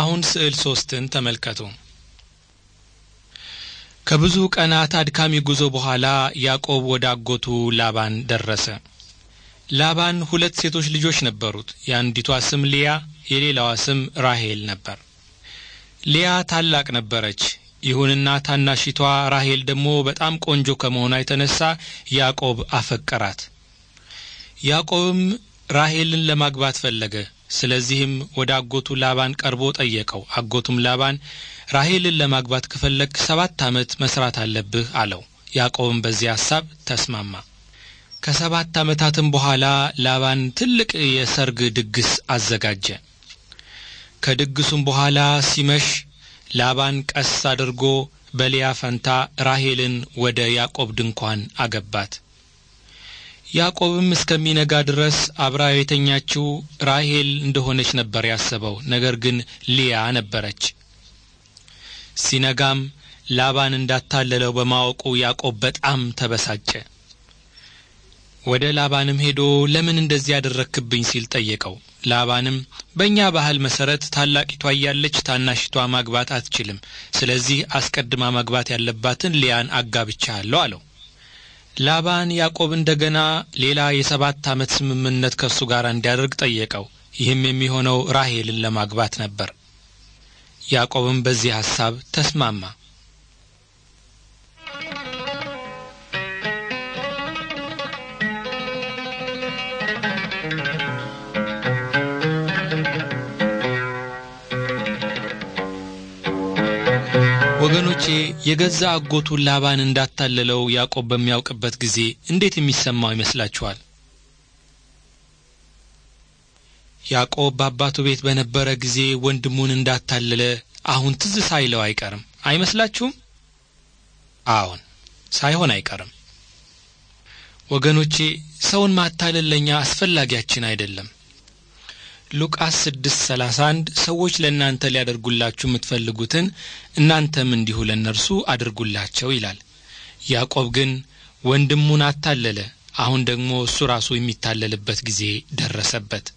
አሁን ስዕል ሶስትን ተመልከቱ። ከብዙ ቀናት አድካሚ ጉዞ በኋላ ያዕቆብ ወደ አጎቱ ላባን ደረሰ። ላባን ሁለት ሴቶች ልጆች ነበሩት። የአንዲቷ ስም ሊያ፣ የሌላዋ ስም ራሄል ነበር። ሊያ ታላቅ ነበረች። ይሁንና ታናሺቷ ራሄል ደግሞ በጣም ቆንጆ ከመሆኗ የተነሳ ያዕቆብ አፈቀራት። ያዕቆብም ራሄልን ለማግባት ፈለገ። ስለዚህም ወደ አጎቱ ላባን ቀርቦ ጠየቀው። አጎቱም ላባን ራሄልን ለማግባት ከፈለግ ሰባት ዓመት መስራት አለብህ አለው። ያዕቆብም በዚህ ሐሳብ ተስማማ። ከሰባት ዓመታትም በኋላ ላባን ትልቅ የሰርግ ድግስ አዘጋጀ። ከድግሱም በኋላ ሲመሽ ላባን ቀስ አድርጎ በሊያ ፈንታ ራሄልን ወደ ያዕቆብ ድንኳን አገባት። ያዕቆብም እስከሚነጋ ድረስ አብራ የተኛችው ራሄል እንደሆነች ነበር ያሰበው። ነገር ግን ሊያ ነበረች። ሲነጋም ላባን እንዳታለለው በማወቁ ያዕቆብ በጣም ተበሳጨ። ወደ ላባንም ሄዶ ለምን እንደዚህ ያደረክብኝ ሲል ጠየቀው። ላባንም በእኛ ባህል መሰረት ታላቂቷ እያለች ታናሽቷ ማግባት አትችልም፣ ስለዚህ አስቀድማ ማግባት ያለባትን ሊያን አጋብቻለሁ አለው። ላባን ያዕቆብ እንደገና ሌላ የሰባት ዓመት ስምምነት ከእሱ ጋር እንዲያደርግ ጠየቀው። ይህም የሚሆነው ራሄልን ለማግባት ነበር። ያዕቆብም በዚህ ሐሳብ ተስማማ። ወገኖቼ የገዛ አጎቱን ላባን እንዳታለለው ያዕቆብ በሚያውቅበት ጊዜ እንዴት የሚሰማው ይመስላችኋል? ያዕቆብ በአባቱ ቤት በነበረ ጊዜ ወንድሙን እንዳታለለ አሁን ትዝ ሳይለው አይቀርም አይመስላችሁም? አዎን፣ ሳይሆን አይቀርም። ወገኖቼ ሰውን ማታለል ለእኛ አስፈላጊያችን አይደለም። ሉቃስ 6:31 ሰዎች ለእናንተ ሊያደርጉላችሁ የምትፈልጉትን እናንተም እንዲሁ ለእነርሱ አድርጉላቸው ይላል። ያዕቆብ ግን ወንድሙን አታለለ። አሁን ደግሞ እሱ ራሱ የሚታለልበት ጊዜ ደረሰበት።